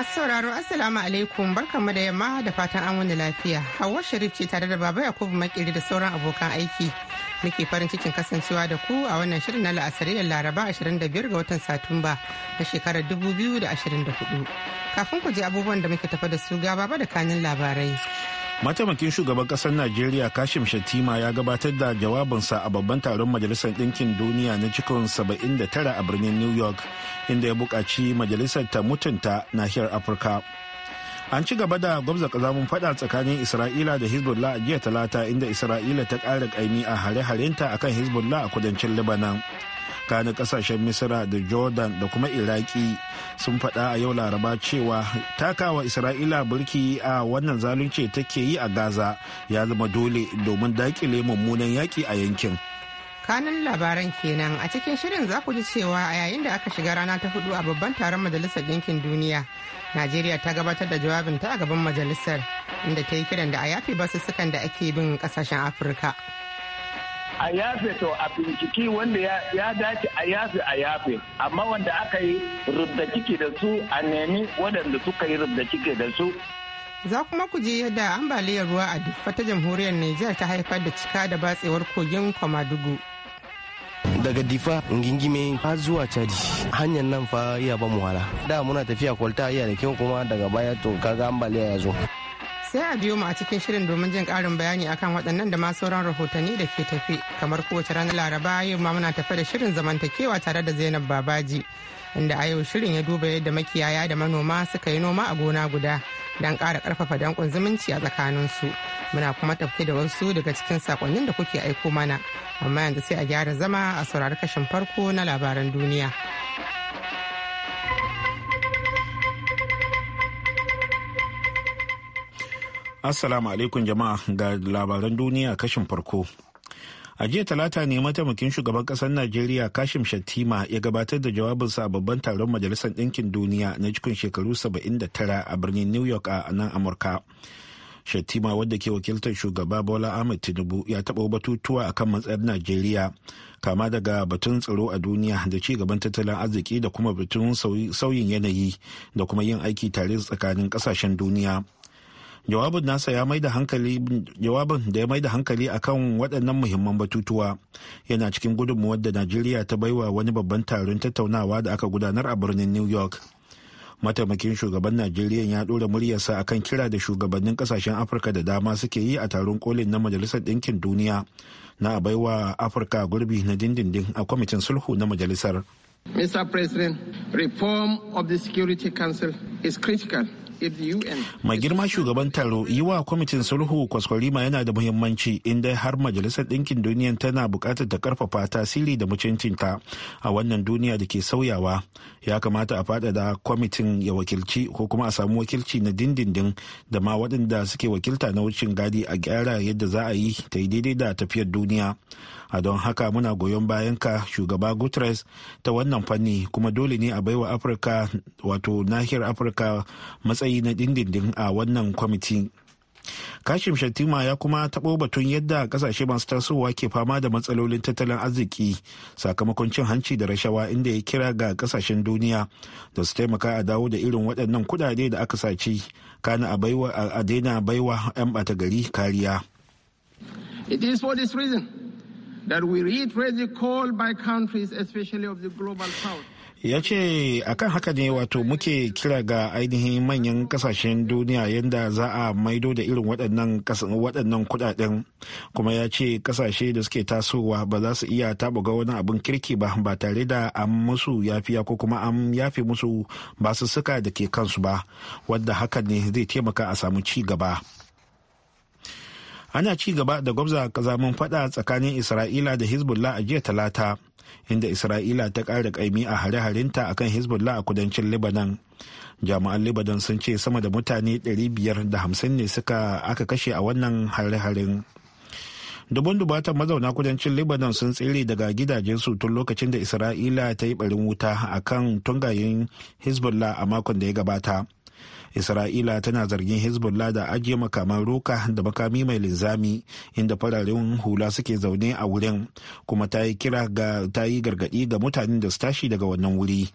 Masu sauraro Assalamu alaikum barkanmu da yamma da fatan an wani lafiya. Hauwa Sharif ce tare da Baba Yakubu Makiri da sauran abokan aiki. Muke farin cikin kasancewa da ku a wannan shirin na la'asari da Laraba 25 ga watan Satumba na shekarar 2024. Kafin ku je abubuwan da muke tafa da su ga Baba da kanin labarai. mataimakin shugaban kasar najeriya kashim shatima ya gabatar da jawabinsa a babban taron majalisar ɗinkin duniya na cikin 79 a birnin new york inda ya buƙaci majalisar ta mutunta nahiyar afirka an ci gaba da gwamza ƙazamin fada tsakanin isra'ila da hezbollah a jiya talata inda isra'ila ta ƙara ƙaimi a hare-harenta akan hezbollah a kudancin lebanon kanin kasashen misira da jordan da kuma iraki sun faɗa a yau laraba cewa takawa isra'ila burki a wannan zalunce take yi a gaza ya zama dole domin dakile mummunan yaki a yankin kanun labaran kenan a cikin shirin za ku ji cewa a yayin da aka shiga rana ta hudu a babban taron majalisar ɗinkin duniya najeriya ta gabatar da jawabin ta a gaban majalisar inda ta yi kiran da a yafi basussukan da ake bin kasashen afirka a yafe to a binciki wanda ya dace a yafe a yafe amma wanda aka yi rubda ciki da su a nemi waɗanda suka yi rubda ciki da su za kuma ku ji yadda ambaliyar ruwa a duffa ta jamhuriyar Nijar ta haifar da cika da batsewar kogin Kwamadugu. daga difa gingime har zuwa chadi hanyar nan fa iya ba mu da muna tafiya kwalta iya da kyau kuma daga baya to kaga ambaliya ya zo sai a biyo mu a cikin shirin domin jin karin bayani akan waɗannan da ma sauran rahotanni da ke tafi kamar kowace ranar laraba yau ma muna tafe da shirin zamantakewa tare da zainab babaji inda a yau shirin ya duba yadda makiyaya da manoma suka yi noma a gona guda don ƙara karfafa danƙon zumunci a tsakanin su muna kuma tafke da wasu daga cikin sakonnin da kuke aiko mana amma yanzu sai a gyara zama a saurari kashin farko na labaran duniya. Assalamu alaikum jama'a ga labaran duniya kashin farko. A jiya talata ne mataimakin shugaban kasar Najeriya Kashim Shattima ya gabatar da jawabinsa a babban taron Majalisar Ɗinkin Duniya na cikin shekaru 79 a birnin New York a nan Amurka. Shattima wadda ke wakiltar shugaba Bola Ahmed Tinubu ya taɓa batutuwa a kan matsayar Najeriya kama daga batun tsaro a duniya da ci gaban tattalin arziki da kuma batun sauyin yanayi da kuma yin aiki tare tsakanin ƙasashen duniya. jawabin nasa ya maida hankali jawabin da ya maida hankali akan waɗannan muhimman batutuwa yana cikin gudunmuwar da najeriya ta baiwa wani babban taron tattaunawa da aka gudanar a birnin new york mataimakin shugaban najeriya ya ɗora muryarsa akan kira da shugabannin kasashen afirka da dama suke yi a taron kolin na majalisar ɗinkin duniya na a baiwa afirka gurbi na dindindin a kwamitin sulhu na majalisar Mr. President, reform of the Security Council is critical Mai girma shugaban taro yi wa kwamitin sulhu kwaskwarima yana da muhimmanci inda har majalisar ɗinkin duniya tana buƙatar ta karfafa tasiri da mucincinta a wannan duniya da ke sauyawa. Ya kamata a faɗaɗa kwamitin ya wakilci ko kuma a samu wakilci na dindindin da ma waɗanda suke wakilta na wucin gadi a gyara yadda za a yi ta yi daidai da tafiyar duniya. A don haka muna goyon bayan ka shugaba Guterres ta wannan fanni kuma dole ne a baiwa Afirka wato nahiyar Afirka matsayi matsayi na dindindin a wannan kwamiti kashim shattima ya kuma taɓo batun yadda kasashe masu tasowa ke fama da matsalolin tattalin arziki sakamakon cin hanci da rashawa inda ya kira ga kasashen duniya da su taimaka a dawo da irin waɗannan kudade da aka saci kana a daina baiwa 'yan bata gari kariya It is for this reason that we by countries, especially of the global ya ce akan haka ne wato muke kira ga ainihin manyan kasashen duniya yadda za a maido da irin waɗannan kudaden kuma ya ce kasashe da suke tasowa ba za su iya tabuga wani abin kirki ba ba tare da an musu yafiya ko kuma an yafi musu ba su suka da ke kansu ba wadda haka ne zai taimaka a samu ci gaba ana ci gaba da gwamza kazamin fada tsakanin isra'ila da hezbollah a jiya talata inda isra'ila ta ƙara ƙaimi a hare-harenta akan hezbollah a kudancin lebanon jami'an lebanon sun ce sama da mutane 550 ne suka aka kashe a wannan hare-haren dubun dubatan mazauna kudancin lebanon sun tsere daga gidajensu tun lokacin da isra'ila ta yi barin wuta akan tungayen hezbollah a makon da ya gabata isra'ila tana zargin hezbollah da ajiye makaman roka da makami mai linzami inda fararen hula suke zaune a wurin kuma ta yi kira ga ta yi gargadi ga mutanen da su tashi daga wannan wuri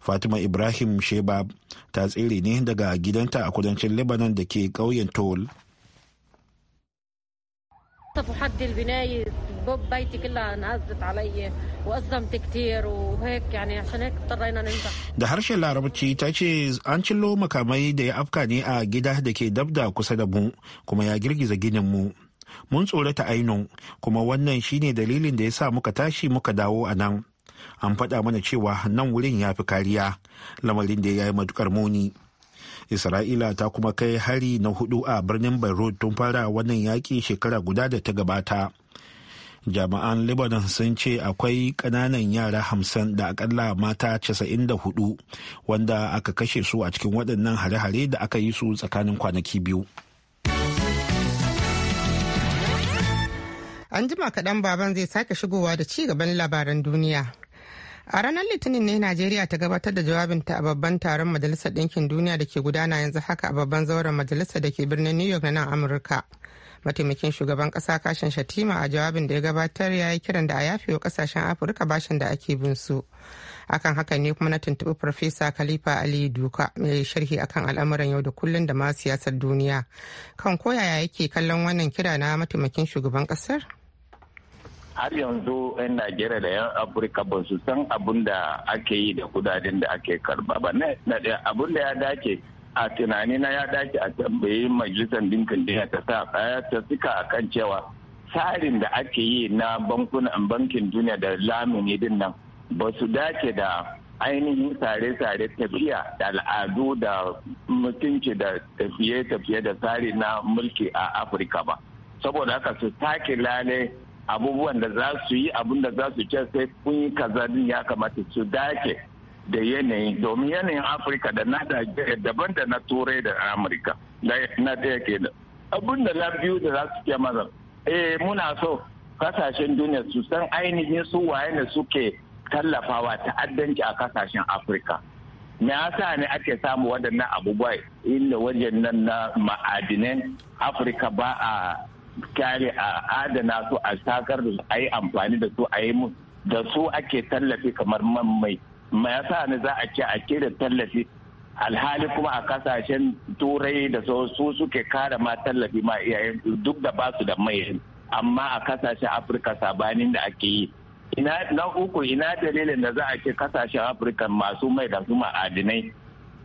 fatima ibrahim sheba ta tsere ne daga gidanta a kudancin lebanon da ke ƙauyen tol طفوا حد البناية باب بيتي كلها علي وأزمت كتير وهيك يعني عشان هيك اضطرينا ننجح da harshen larabci ta ce an cillo makamai da ya afka ne a gida da ke dabda kusa da mu kuma ya girgiza ginin mu mun tsorata aino kuma wannan shine dalilin da ya sa muka tashi muka dawo a nan an faɗa mana cewa nan wurin ya fi kariya lamarin da ya yi matukar muni isra'ila ta kuma kai hari na hudu a birnin beirut tun fara wannan yaƙi shekara guda da ta gabata jami'an lebanon sun ce akwai ƙananan yara hamsin da akalla mata casa'in da 94 wanda aka kashe su a cikin waɗannan hare-hare da aka yi su tsakanin kwanaki biyu an jima kaɗan baban zai sake shigowa da ci gaban labaran duniya A ranar Litinin ne Najeriya ta gabatar da jawabinta a babban taron Majalisar Ɗinkin Duniya da ke gudana yanzu haka a babban zauren majalisar da ke birnin New York na nan Amurka. Mataimakin shugaban ƙasa kashin Shatima a jawabin da ya gabatar ya yi kiran da a yafe wa ƙasashen Afirka bashin da ake bin su. Akan haka ne kuma na tuntuɓi Farfesa Khalifa Ali Duka mai sharhi akan al'amuran yau da kullum da ma siyasar duniya. Kan koyaya yake kallon wannan kira na mataimakin shugaban ƙasar? har yanzu 'yan najeriya da 'yan afirka ba su san abin da ake yi da kudaden da ake karba ba na abin da ya dace a tunani na ya dace a tambayi majalisar dinkin duniya ta sa kaya ta suka akan cewa tsarin da ake yi na bankunan bankin duniya da lamuni din nan ba su dace da ainihin tsare-tsare tafiya da al'adu da mutunci da tafiye-tafiye da tsari na mulki a afirka ba saboda haka su take lalai. abubuwan da za su yi abin da za su ce sai kun yi kaza din ya kamata su dace da yanayi domin yanayin afirka da na daban da na turai da amurka na ɗaya da abin da na biyu da za su ke maza eh muna so kasashen duniya su san ainihin su waye ne suke tallafawa ta'addanci a kasashen afirka me yasa ne ake samu waɗannan abubuwa inda wajen nan na ma'adinan afirka ba a kyare a adana su a sakar da su a yi amfani da su a yi mu da su ake tallafi kamar man mai ma yasa ne za a ce a ke da tallafi alhali kuma a kasashen turai da su suke kare ma tallafi ma iyayen duk da basu da mai amma a kasashen afirka sabanin da ake yi na uku ina dalilin da za a ce kasashen afirka masu mai da su ma'adinai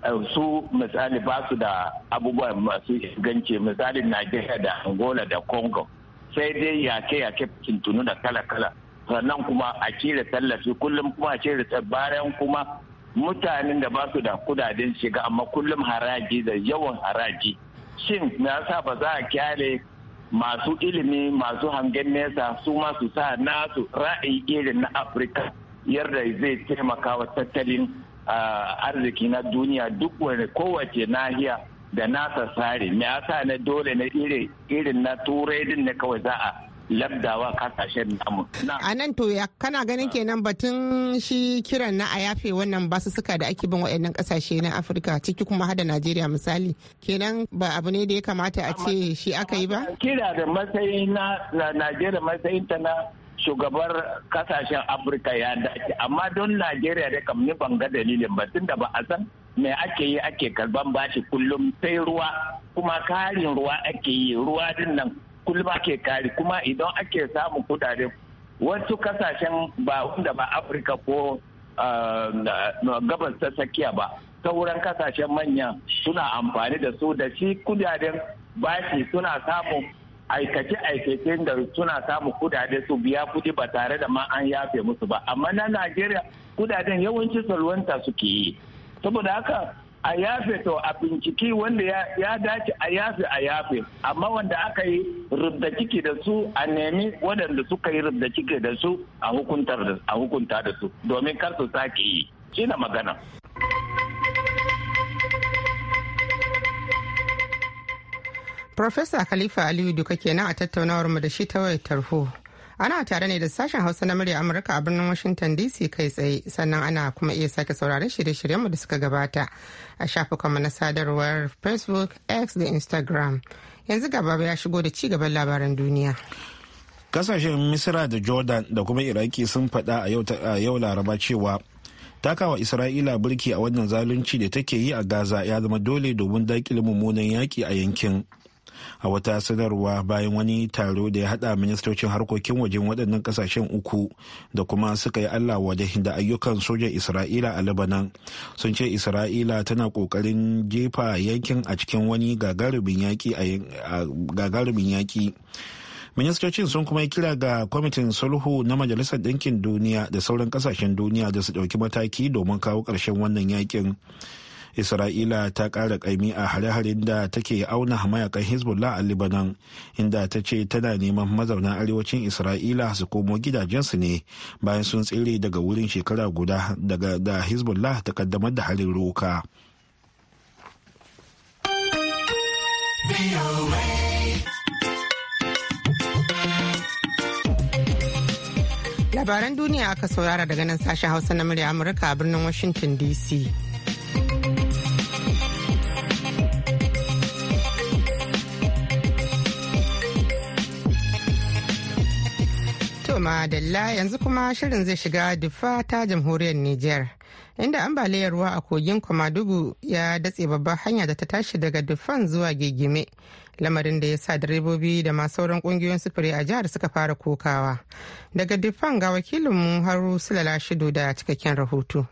Eh, su misali ba su da abubuwa masu inganci misali najeriya da angola da congo sai dai yake yake tuntunu da kala kala sannan kuma a cire tallafi kullum kuma a cire bayan kuma mutanen da ba su da kudaden shiga amma kullum haraji da yawan haraji shin me yasa ba za a kyale masu ilimi masu hangen nesa su ma su sa nasu ra'ayi irin na afirka yadda zai taimaka wa tattalin arziki na duniya duk wani kowace nahiya da nasa tsari me yasa na dole na irin na turai din na kawai za a labdawa kasashen namu. A nan to kana ganin kenan batun shi kiran na a yafe wannan suka da ake bin waɗannan kasashe na Afirka ciki kuma hada Najeriya misali kenan ba abu ne da ya kamata a ce shi aka yi ba? Kira da matsayi na Najeriya matsayin ta na shugabar kasashen afirka ya dace amma don najeriya da kam ni ban ga dalilin ba tunda ba a san me ake yi ake karban bashi kullum sai ruwa kuma karin ruwa ake yi ruwa din nan kullum ake kari kuma idan ake samun kudade wasu kasashen ba wanda ba afirka ko ah, gabas ta tsakiya ba sauran kasashen manyan suna amfani da su da shi kudaden bashi suna samun aikace-aikacen da suna samun kudade su biya kudi ba tare da ma an yafe musu ba amma na najeriya kudaden yawanci salwanta suke yi saboda haka a yafe to a binciki wanda ya dace a yafe a yafe amma wanda aka yi rubda ciki da su a nemi waɗanda suka yi rubda ciki da su a hukunta da su domin kar su sake yi shi na magana Profesa Khalifa Aliyu Duka kenan a tattaunawar mu da shi ta wayar tarho. Ana tare ne da sashen Hausa na murya Amurka a birnin Washington DC kai tsaye sannan ana kuma iya sake sauraron shirye shiryen mu da suka gabata a shafukanmu na sadarwar Facebook, X da Instagram. Yanzu gaba ya shigo da ci gaban labaran duniya. Kasashen Misira da Jordan da kuma Iraki sun faɗa a yau Laraba cewa takawa Isra'ila birki a wannan zalunci da take yi a Gaza ya zama dole domin daƙile mummunan yaƙi a yankin. a wata sanarwa bayan wani taro da ya hada ministocin harkokin wajen waɗannan kasashen uku da kuma suka yi allah wada da ayyukan sojan isra'ila a labanan sun ce isra'ila tana ƙoƙarin jefa yankin a cikin wani gagarumin yaƙi ministocin sun kuma yi kira ga kwamitin sulhu na majalisar ɗinkin duniya da sauran ƙasashen duniya da su ɗauki mataki domin kawo ƙarshen wannan yakin isra'ila ta ƙara ƙaimi a hare-haren da take auna mayakan hezbollah a libanan inda ta ce tana neman mazauna arewacin isra'ila su komo gidajensu ne bayan sun tsere daga wurin shekara guda daga da hezbollah ta kaddamar da harin roka labaran duniya aka saurara daga nan sashen hausa na murya amurka a birnin washington dc madalla yanzu kuma shirin zai shiga dufa ta jamhuriyar Nijar. Inda ambaliyar ruwa a kogin Kwamadugu ya datse babbar hanya da ta tashi daga Dufan zuwa gigime Lamarin da ya sa direbobi da ma sauran kungiyoyin sufuri a jihar suka fara kokawa. Daga Dufan ga wakilinmu Haru Sulala shidu da cikakken rahoto.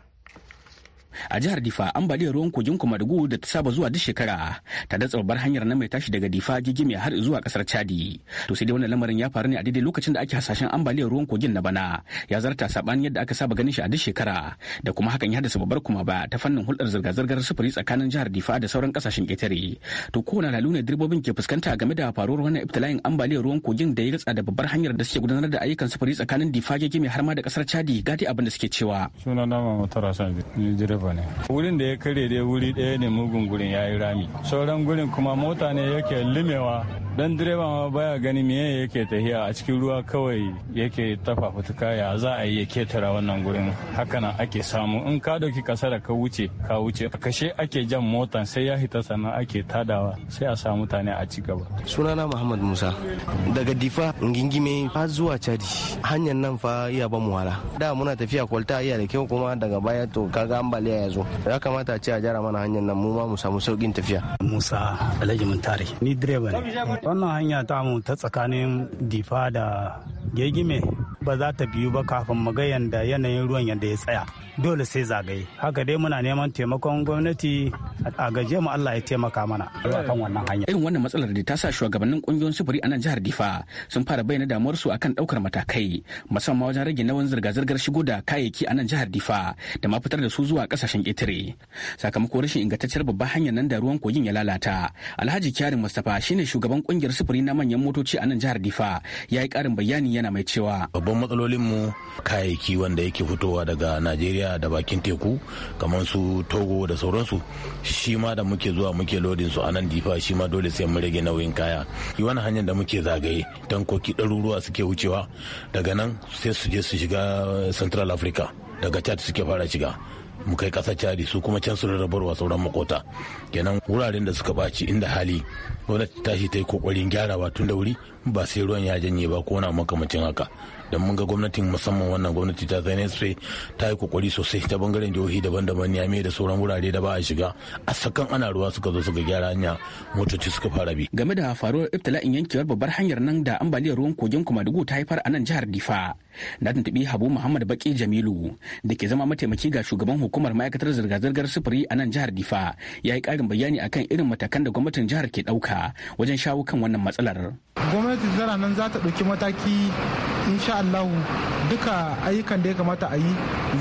a jihar difa ambaliyar ruwan kogin kumadugu da ta saba zuwa duk shekara ta da tsabar hanyar na mai tashi daga difa gigime har zuwa kasar chadi to sai dai wannan lamarin ya faru ne a daidai lokacin da ake hasashen ambaliyar ruwan kogin na bana ya zarta sabanin yadda aka saba ganin shi a duk shekara da kuma hakan ya haddasa babbar kuma ba ta fannin hulɗar zirga-zirgar sufuri tsakanin jihar difa da sauran kasashen ƙetare to kowane lalu ne direbobin ke fuskanta game da faruwar wannan ibtila'in ambaliyar ruwan kogin da ya ritsa da babbar hanyar da suke gudanar da ayyukan sufuri tsakanin difa gigime har ma da kasar chadi gadi abin da suke cewa sunana ba ne wurin da ya kare dai wuri ɗaya ne mugun gurin ya yi rami sauran gurin kuma mota ne yake limewa dan direba ma baya gani me yake tahiya a cikin ruwa kawai yake tafa fituka ya za a yi ya ketara wannan gurin hakanan ake samu in ka dauki kasa da ka wuce ka wuce a kashe ake jan mota sai ya hita sannan ake tadawa sai a sa mutane a ci gaba sunana muhammad musa daga difa gingime har zuwa cadi hanyar nan fa iya ba mu wahala da muna tafiya kwalta iya da kyau kuma daga baya to kaga ambaliya Najeriya ya zo. Ya kamata ce a gyara mana hanyar nan mu ma mu samu saukin tafiya. Musa Alhaji Muntari ni direba ne. Wannan hanya ta mu ta tsakanin Difa da Gegime ba za ta biyu ba kafin mu da yanayin ruwan yadda ya tsaya. Dole sai zagaye. Haka dai muna neman taimakon gwamnati a gaje mu Allah ya taimaka mana kan wannan hanya. Irin wannan matsalar da ta sa shugabannin kungiyoyin sufuri a nan jihar Difa sun fara bayyana damuwarsu akan daukar matakai musamman wajen rage nauyin zirga-zirgar shigo da kayayyaki a nan jihar Difa da ma fitar da su zuwa kasashen ƙetare sakamako rashin ingantacciyar babban hanyar nan da ruwan kogin ya lalata alhaji kyarin mustapha shine shugaban kungiyar sufuri na manyan motoci a nan jihar difa ya yi karin bayani yana mai cewa babban matsalolin mu kayayyaki wanda yake fitowa daga najeriya da bakin teku kamar su togo da sauransu shi ma da muke zuwa muke lodin su a nan difa shi ma dole sai mun rage nauyin kaya wani hanyar da muke zagaye tankoki ɗaruruwa suke wucewa daga nan sai su je su shiga central africa daga chad suke fara shiga mu kai ƙasa cari su kuma can su rarrabarwa sauran makota kenan wuraren da suka ɓaci inda hali gwamnati ta shi ta yi kokarin gyarawa tun da wuri ba sai ruwan ya janye ba ko na makamacin haka don mun ga gwamnatin musamman wannan gwamnati ta zane sai ta yi kokari sosai ta bangaren jihohi daban-daban ya da sauran wurare da ba a shiga a sakan ana ruwa suka zo suka gyara hanya motoci suka fara bi game da faruwar ibtila'in yankewar babbar hanyar nan da ambaliyar ruwan kogin kumadugu ta haifar a nan jihar difa na tuntubi habu muhammad baki jamilu da ke zama mataimaki ga shugaban hukumar ma'aikatar zirga-zirgar sufuri a nan jihar difa ya yi karin bayani akan irin matakan da gwamnatin jihar ke ɗauka wajen shawo kan wannan matsalar. Gwamnati tana nan za ta ɗauki mataki insha Allahu duka ayyukan da ya kamata a yi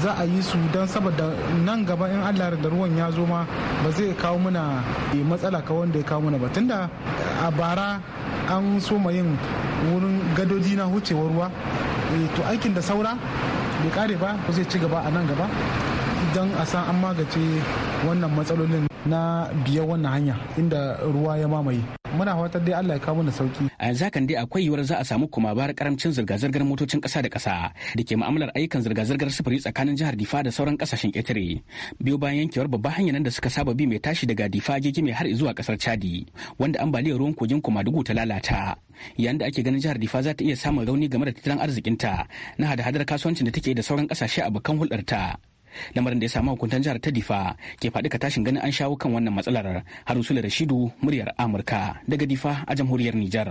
za a yi su don saboda nan gaba in Allah da ruwan ya zo ma ba zai kawo muna matsala ka wanda ya kawo mana ba tunda a bara an so yin wurin gadoji na hucewar ruwa eh, to aikin da saura bai kare ba ko zai ci gaba a nan gaba don a san an magace wannan matsalolin na biya wannan hanya inda ruwa ya mamaye muna fatan dai Allah ya kawo mana sauki a yanzu hakan dai akwai yiwuwar za a samu kuma bar karamcin zirga-zirgar motocin ƙasa da kasa da ke ma'amalar ayyukan zirga-zirgar sufuri tsakanin jihar Difa da sauran ƙasashen ƙetare biyo bayan yankewar babban hanyar nan da suka saba bi mai tashi daga Difa gege mai har zuwa ƙasar Chadi wanda ambaliyar ruwan kogin kuma dugu ta lalata yayin da ake ganin jihar Difa za ta iya samun rauni game da tattalin arzikinta na hada-hadar kasuwancin da take da sauran bakan abokan hulɗarta lamarin da ya samu hukuntan jihar ta difa ke faɗi ka tashin ganin an shawo kan wannan matsalar da rashidu muryar amurka daga difa a jamhuriyar nijar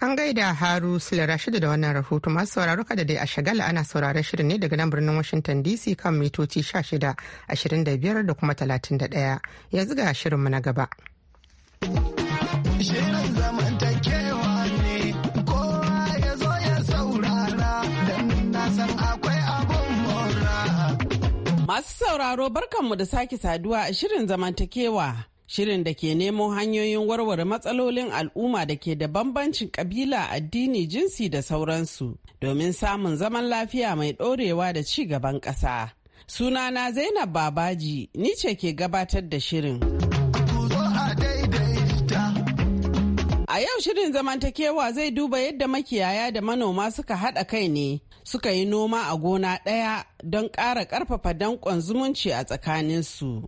an gaida haru sule rashidu da wannan rahoto masu sauraro kada dai a shagala ana sauraron shirin ne daga nan birnin washington dc kan mitoci 16 25 da kuma 31 yanzu ga mu na gaba. Masu sauraro barkanmu da sake saduwa a shirin zamantakewa. Shirin da ke nemo hanyoyin warware matsalolin al'umma da ke da bambancin kabila, addini, jinsi da sauransu domin samun zaman lafiya mai ɗorewa da ci gaban ƙasa. Sunana Zainab Babaji, ni ce ke gabatar da shirin. A yau shirin zamantakewa zai duba yadda makiyaya da manoma suka haɗa kai ne suka yi noma a gona ɗaya don ƙara ƙarfafa danƙon zumunci a tsakaninsu.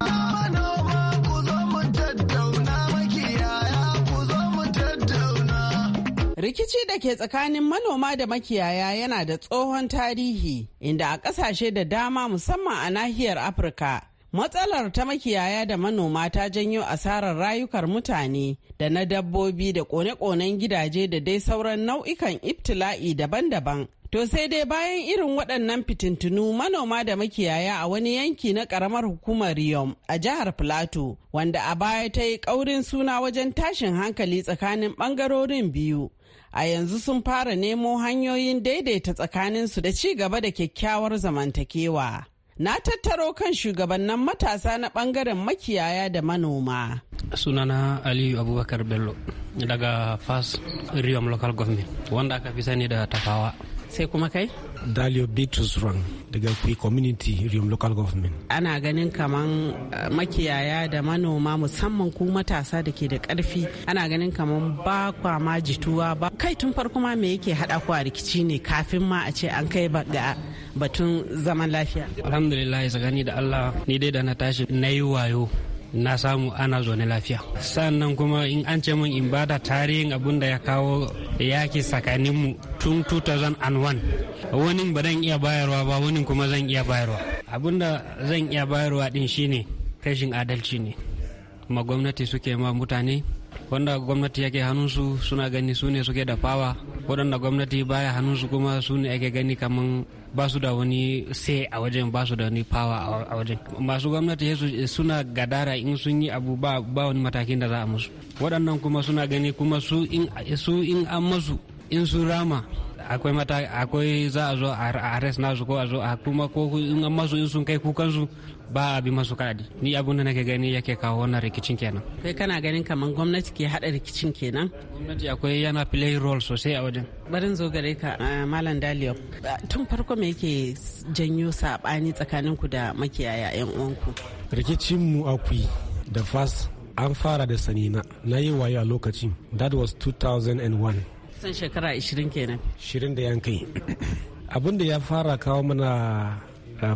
Rikici da ke tsakanin manoma da makiyaya yana da tsohon tarihi inda a ƙasashe da dama musamman a nahiyar Afirka Matsalar ta makiyaya da manoma ta janyo asarar rayukar mutane da na dabbobi da kone-konen gidaje da dai sauran nau'ikan ibtila'i daban-daban. To sai dai bayan irin waɗannan fitintunu manoma da makiyaya a wani yanki na ƙaramar hukumar Riyom a jihar plateau wanda a baya ta yi ƙaurin suna wajen tashin hankali tsakanin ɓangarorin biyu. A yanzu sun fara nemo hanyoyin daidaita tsakaninsu da ci gaba da kyakkyawar zamantakewa. na tattaro kan shugabannin matasa na bangaren makiyaya da manoma. sunana aliyu abubakar bello daga fas riyom local government wanda aka fi sani da tafawa sai kuma kai dalio bitrus rang daga kwi community rium local government ana ganin kaman eh, makiyaya da manoma musamman ku matasa da ke da karfi ana ganin kaman ba kwa ma jituwa ba kai tun farko ma me yake hada ku a rikici ne kafin ma a ce an kai ga batun zaman lafiya alhamdulillah tsakani da allah ni dai da na tashi na yi wayo na samu ana zaune lafiya sannan kuma in an ce min in ba da tarihin abin da ya kawo yaki tsakaninmu tun 2001 wani ba zan iya bayarwa ba wani kuma zan iya bayarwa abin da zan iya bayarwa din shine kashin adalci ne kuma gwamnati suke ma mutane wanda gwamnati yake hannunsu suna gani su ne suke da fawa waɗanda gwamnati baya hannunsu kuma su ne ake gani kaman ba su da wani sai a wajen ba su da wani power a wajen masu gwamnati suna gadara in sun yi abu ba wani matakin da za a musu waɗannan kuma suna gani kuma su in an masu in sun rama akwai mata akwai za a zo a res nasu ko a zo a kuma ko in an masu in sun kai kukan su ba a bi masu kadi ni abun da nake gani yake kawo wannan rikicin kenan kai kana ganin kamar gwamnati ke hada rikicin kenan gwamnati akwai yana play role sosai a wajen barin zo gare ka eh, malam daliyo eh, tun farko me yake janyo sabani tsakanin ku da makiyaya yan uwanku rikicin mu akwai da fas an fara da sanina na yi wayo a lokacin that was 2001 san shekara 20 kenan 20 da yan kai abin da ya fara kawo mana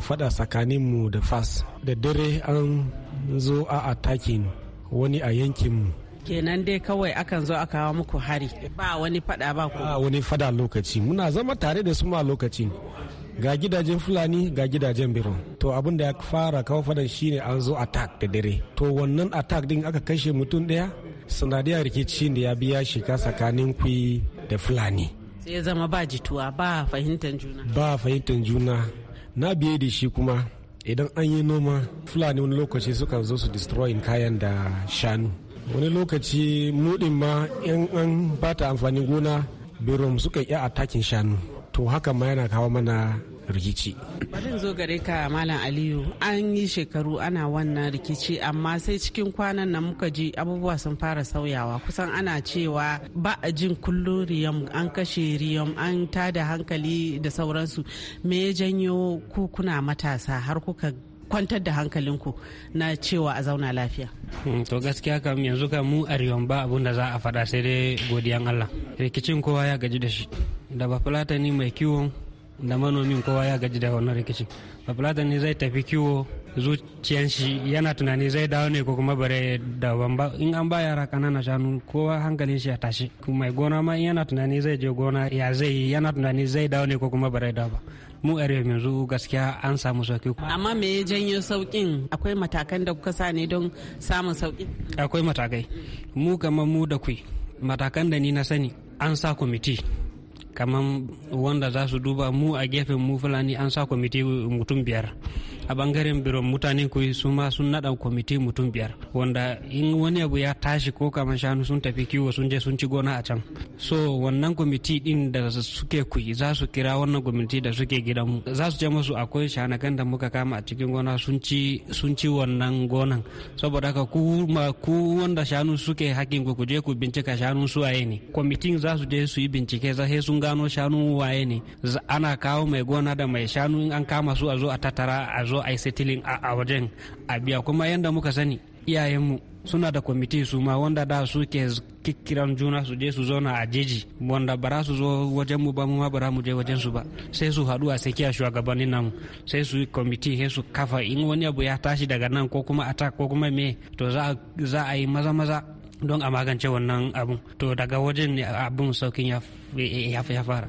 fada tsakaninmu da fas da dare an zo a attacking wani a yankinmu kenan dai kawai akan zo a kawo muku hari ba wani fada ba ko ba wani fada lokaci muna zama tare da su ma lokacin. ga gidajen fulani ga gidajen biro to abin da ya fara kawo fadan shine an zo attack da dare to wannan attack din aka kashe mutum daya sanadiyar rikici da ya biya shiga tsakanin kwi da fulani sai ya zama ba jituwa ba fahimtar juna ba fahimtar juna na biye da shi kuma idan an yi noma fulani wani lokaci sukan zo su destroy kayan da shanu wani lokaci mudin ma in an bata amfani gona birom suka yi a takin shanu to hakan ma yana kawo mana rikici. Bari zo gare ka Malam Aliyu an yi shekaru ana wannan rikici amma sai cikin kwanan nan muka ji abubuwa sun fara sauyawa kusan ana cewa ba a jin kullum riyam an kashe riyam an tada hankali da sauransu me ya janyo kukuna matasa har kuka kwantar da hankalinku na cewa a zauna lafiya. Hmm, to gaskiya kam yanzu kam mu a ba abun da za a faɗa sai dai godiyan Allah rikicin kowa ya gaji da shi da ba bafulatani mai kiwo da manomin kowa ya gaji da wannan rikicin bafulatani zai tafi kiwo zuciyan shi yana tunani zai dawo ne ko kuma bare da bamba in an ba yara kanana shanu kowa hankalin shi ya tashi mai gona ma in yana tunani zai je gona ya zai yana tunani zai dawo ne ko kuma bare da ba mu arewa yanzu gaskiya an samu sauki amma me ya janyo saukin akwai matakan da kuka sa ne don samun sauki akwai matakai mu kamar mu da kui matakan da ni na sani an sa kwamiti kamar wanda za su duba mu a gefen mu fulani an sa kwamiti mutum biyar a bangaren biron mutane ku su ma sun nada kwamiti mutum biyar wanda in wani abu ya tashi ko kamar shanu sun tafi kiwo sun je sun ci gona a can so wannan kwamiti din da suke kuyi za su kira wannan kwamiti da suke gidan mu za su je musu akwai shanakan da muka kama a cikin gona sun ci sun ci wannan gonan saboda haka ku ma ku wanda shanu suke hakkin ku je ku bincika shanu suwaye ne kwamitin za su je su yi bincike za sun gano shanu waye ne ana kawo mai gona da mai shanu in an kama su a zo a tattara a zo a yi a wajen a biya kuma yadda muka sani iyayenmu suna da kwamiti su ma wanda da suke kikiran juna su je su zauna a jeji wanda bara su zo wajen mu ba mu ma bara mu je wajen su ba sai su haɗu a tsakiya shugabannin nan sai su kwamiti sai su kafa in wani abu ya tashi daga nan ko kuma attack ko kuma me to za a yi maza maza don a magance wannan abun to daga wajen abun saukin ya fara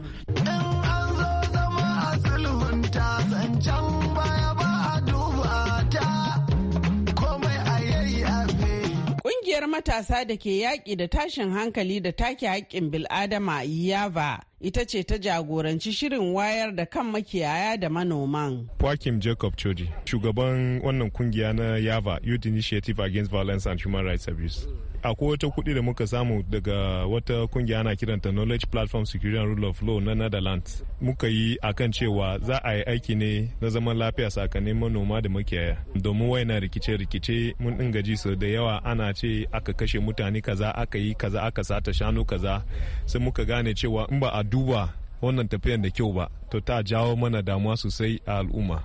Ƙungiyar matasa da ke yaƙi da tashin hankali da take haƙƙin bil'adama Yava ita ce ta jagoranci shirin wayar da kan makiyaya da manoman. Joaquim Jacob Chodi, shugaban wannan kungiya na Yava Youth Initiative Against Violence and Human Rights Abuse. akwai wata kuɗi da muka samu daga wata kungiya ana kiranta knowledge platform security and rule of law na netherlands muka yi akan cewa za a yi aiki ne na zaman lafiya sakanin manoma da makiyaya domin waina rikice-rikice mun dinga ji sau da yawa ana ce aka kashe mutane kaza aka yi kaza aka sata shanu kaza sai muka gane cewa in ba a duba wannan tafiyan da kyau ba to ta jawo mana damuwa sosai a al'umma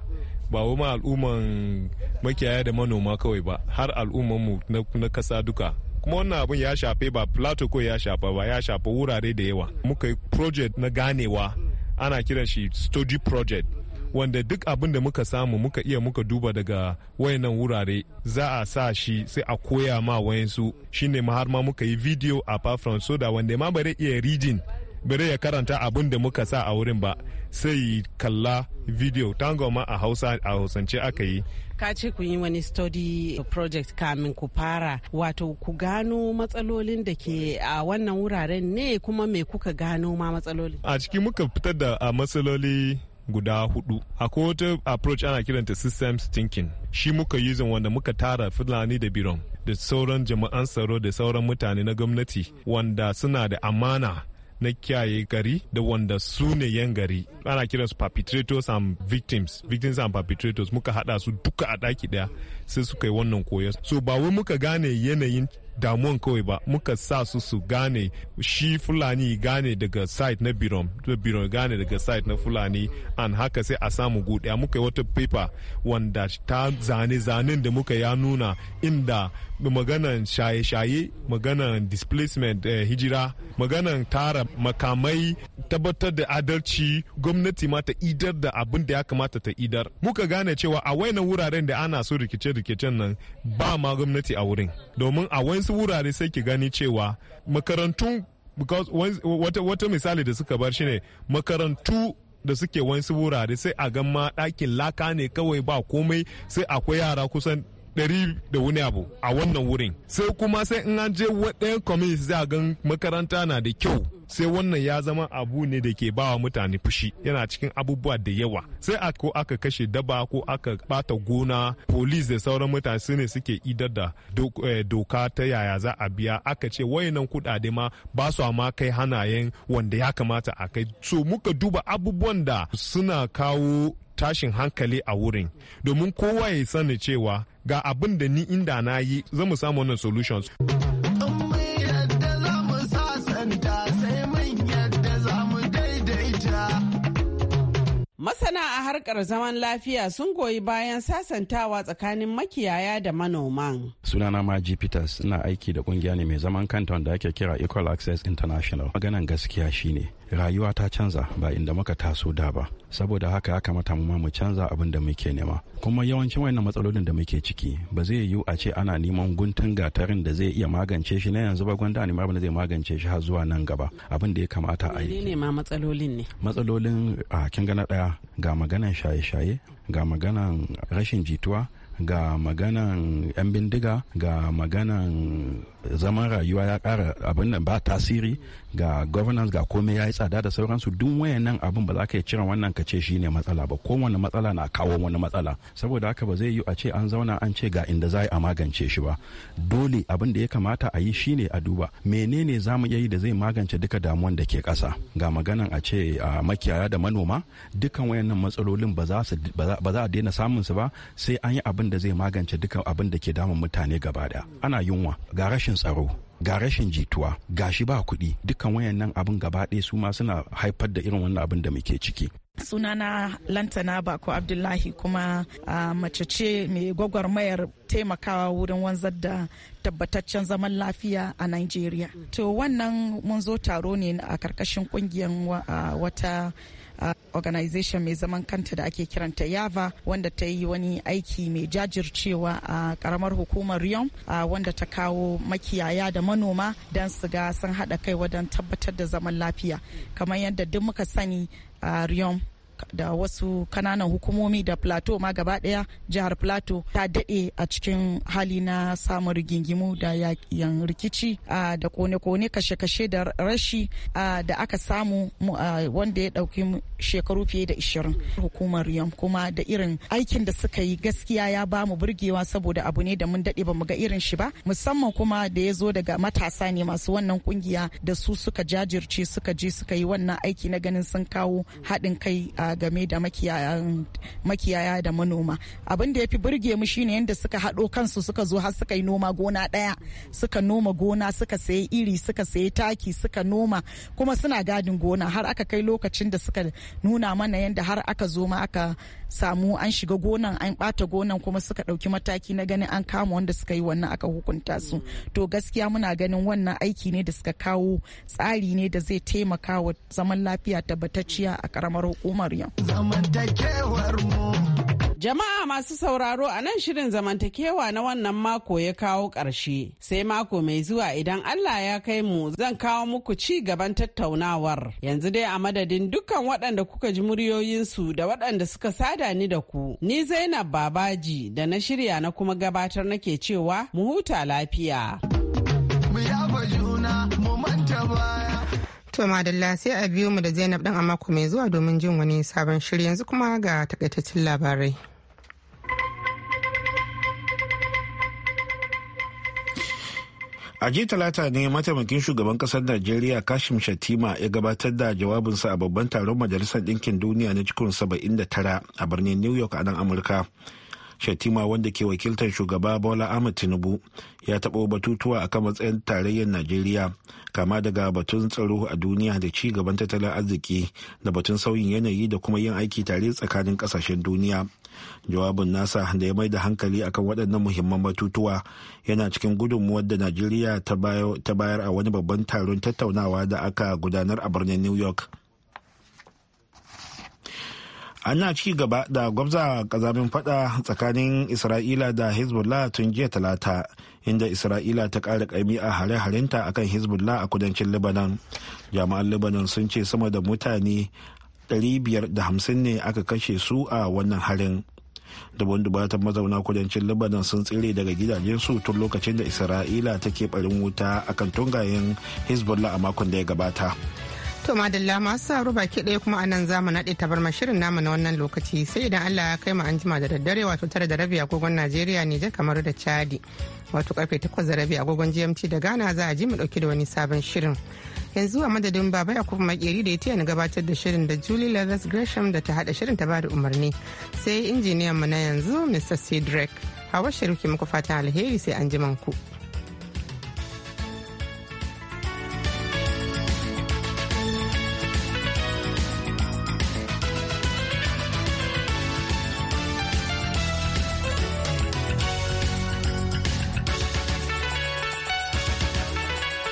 ba wa al'umman makiyaya da manoma kawai ba har mu na kasa duka kuma wannan abun ya shafe ba plato ko ya shafa ba ya shafa wurare da yawa muka yi project na ganewa ana kiran shi study project wanda duk abin da muka samu muka iya muka duba daga wayannan wurare za a sa shi sai a koya ma wayansu shine ma har ma muka yi video a from soda wanda ma bare iya reading bare ya karanta abin da muka sa a wurin ba sai kalla video tango ma a hausa a hausance aka yi ka ce ku yi wani study project kamin ku fara wato ku gano matsalolin da ke a wannan wuraren ne kuma me kuka gano ma matsaloli a ciki muka fitar da matsaloli guda hudu akwai wata approach ana kiranta systems thinking shi muka yi wanda muka tara fulani da biron da sauran jama'an tsaro da sauran mutane na gwamnati wanda suna da amana na kiyaye gari da wanda su ne yan gari ana kiransu perpetrators and victims victims and perpetrators muka hada su duka a daki daya sai suka yi wannan koyo so ba wai muka gane yanayin damuwan kawai ba muka sa su su gane shi fulani gane daga site na birom birom gane daga site na fulani an haka sai a samu gudu muka yi wata paper wanda ta zane-zanen da muka ya nuna inda maganan shaye-shaye maganan displacement eh, hijira maganan tara makamai tabbatar da adalci gwamnati ma ta idar da abin da ya kamata ta idar muka gane cewa a wainan wuraren da ana so rikice-rikicen nan ba ma gwamnati a wurin domin a wani wasu wurare sai ki gani cewa makarantun wata misali da suka bar shi ne makarantu da suke wasu wurare sai a gan ma ɗakin laka ne kawai ba komai sai akwai yara kusan ɗari da wani abu a wannan wurin sai kuma sai in an je waɗayan community za a gan makaranta na da kyau sai wannan ya zama abu ne da ke bawa mutane fushi yana cikin abubuwa da yawa sai a ko aka kashe daba ko aka bata gona polis da sauran mutane su ne suke idar da eh, doka ta yaya za a biya aka ce nan kudade ma ba su ma kai hanayen wanda ya kamata a kai so muka duba abubuwan da suna kawo tashin hankali a wurin domin kowa ya sani cewa ga abin da ni inda na yi zamu samu wannan solutions. Masana a harkar zaman lafiya sun goyi bayan sasantawa tsakanin makiyaya da manoman. Sunana Maji Peters ina aiki da kungiya ne mai zaman kanta wanda ake kira Equal Access International. Maganan gaskiya shine rayuwa ta canza ba inda muka taso da ba saboda haka ya kamata mu mu canza abin da muke nema kuma yawancin wayannan matsalolin da muke ciki ba zai yiwu a ce ana neman guntun gatarin da zai iya magance shi na yanzu ba gwanda ne ma da zai magance shi har zuwa nan gaba abin da ya kamata a yi ne ma matsalolin ne matsalolin a kin gana daya ga maganan shaye-shaye ga maganan rashin jituwa ga maganan 'yan bindiga ga maganan zaman rayuwa ya kara abin da ba tasiri ga governance ga komai ya yi tsada da sauransu duk wayannan abin ba za ka yi cire wannan ka ce shi ne matsala ba ko wani matsala na kawo wani matsala saboda haka ba zai yi a ce an zauna an ce ga inda za a magance shi ba dole abin da ya kamata a yi shine a duba menene za mu yi da zai magance duka damuwan da ke kasa ga maganan a ce a makiyaya da manoma dukan wayannan matsalolin ba za a daina samun su ba sai an yi abin da zai magance duka abin da ke damun mutane gaba daya ana yunwa ga rashin tsaro ga rashin jituwa ga shi ba kuɗi dukkan wayannan abin gaba ɗaya su ma suna haifar da irin wannan abin da muke ciki sunana lantana bako abdullahi kuma a mace ce mai gwagwarmayar taimakawa wurin wanzar da tabbataccen zaman lafiya a nigeria to wannan mun zo taro ne a karkashin kungiyar wata organization mai zaman kanta da ake kiranta yava wanda ta yi wani aiki mai jajircewa a karamar hukumar riyon wanda ta kawo makiyaya da manoma don su ga sun haɗa kai wajen tabbatar da zaman lafiya kamar yadda duk muka sani a da wasu kananan hukumomi da plateau ma gaba daya jihar plateau ta daɗe a cikin hali na samun rigingimu da yan rikici da kone-kone kashe-kashe da rashi da aka samu wanda ya ɗauki shekaru fiye da 20 hukumar yam kuma da irin aikin da suka yi gaskiya ya ba mu burgewa saboda abu ne da mun daɗe ba mu ga irin shi ba musamman kuma da ya zo daga matasa ne masu wannan kungiya da su suka jajirce suka je suka yi wannan aiki na ganin sun kawo haɗin kai a game da makiyaya da manoma abin da ya fi burge mu shine yadda suka haɗo kansu suka zo har suka yi noma gona ɗaya suka noma gona suka sayi iri suka sayi taki suka noma kuma suna gadin gona har aka kai lokacin da suka nuna mana yadda har aka zo ma aka samu an shiga gonan an ɓata gonan kuma suka ɗauki mataki na ganin an kama wanda suka yi wannan aka hukunta su to gaskiya muna ganin wannan aiki ne da suka kawo tsari ne da zai taimaka wa zaman lafiya tabbatacciya a karamar hukumar Maryam. Jama'a masu sauraro a nan shirin zamantakewa na wannan mako ya kawo ƙarshe. Sai mako mai zuwa idan Allah ya kai mu zan kawo muku ci gaban tattaunawar. Yanzu dai a madadin dukkan waɗanda kuka ji muryoyinsu da waɗanda suka sada ni da ku. Ni Zainab Babaji da na shirya na kuma gabatar nake cewa mu huta lafiya. Mu yafa juna mu manta baya. To madalla sai a biyo mu da Zainab dan a mako mai zuwa domin jin wani sabon shiri yanzu kuma ga takaitaccen labarai. a jiya talata ne mataimakin shugaban kasar najeriya kashim shatima ya gabatar da jawabinsa a babban taron majalisar ɗinkin duniya na cikin 79 a birnin new york a nan amurka shatima wanda ke wakiltar shugaba bola ahmed tinubu ya taɓo batutuwa a kan matsayin tarayyar najeriya kama daga batun tsaro a duniya da ci gaban tattalin arziki da batun sauyin yanayi da kuma yin aiki tare tsakanin ƙasashen duniya jawabin nasa da ya mai da hankali akan waɗannan muhimman batutuwa yana cikin gudunmuwar da najeriya ta bayar a wani babban taron tattaunawa da aka gudanar a birnin new york ana ci gaba da gwabza kazamin fada tsakanin isra'ila da hezbollah tun jiya talata inda isra'ila ta kara ƙaimi a hare-harenta akan hezbollah a kudancin lebanon jami'an lebanon sun ce sama da mutane 550 ne aka kashe su a wannan harin daban dubatan mazauna kudancin lebanon sun tsire daga gidajensu tun lokacin da isra'ila take barin wuta akan tungayen hezbollah a makon da ya gabata To madalla masu saro baki daya kuma anan zamu naɗe tabar shirin namu na wannan lokaci sai idan Allah ya kai mu anjima da daddare wato tara da rabi agogon Najeriya je kamar da Chadi wato karfe takwas da rabi agogon GMT da Ghana za a ji mu dauki da wani sabon shirin. Yanzu a madadin Baba Yakubu Makeri da ya yana gabatar da shirin da Julie Leathers Gresham da ta haɗa shirin ta ba da umarni sai injiniyan mu na yanzu Mr. Cedric. Hawa Sharuki muku fatan alheri sai an ku.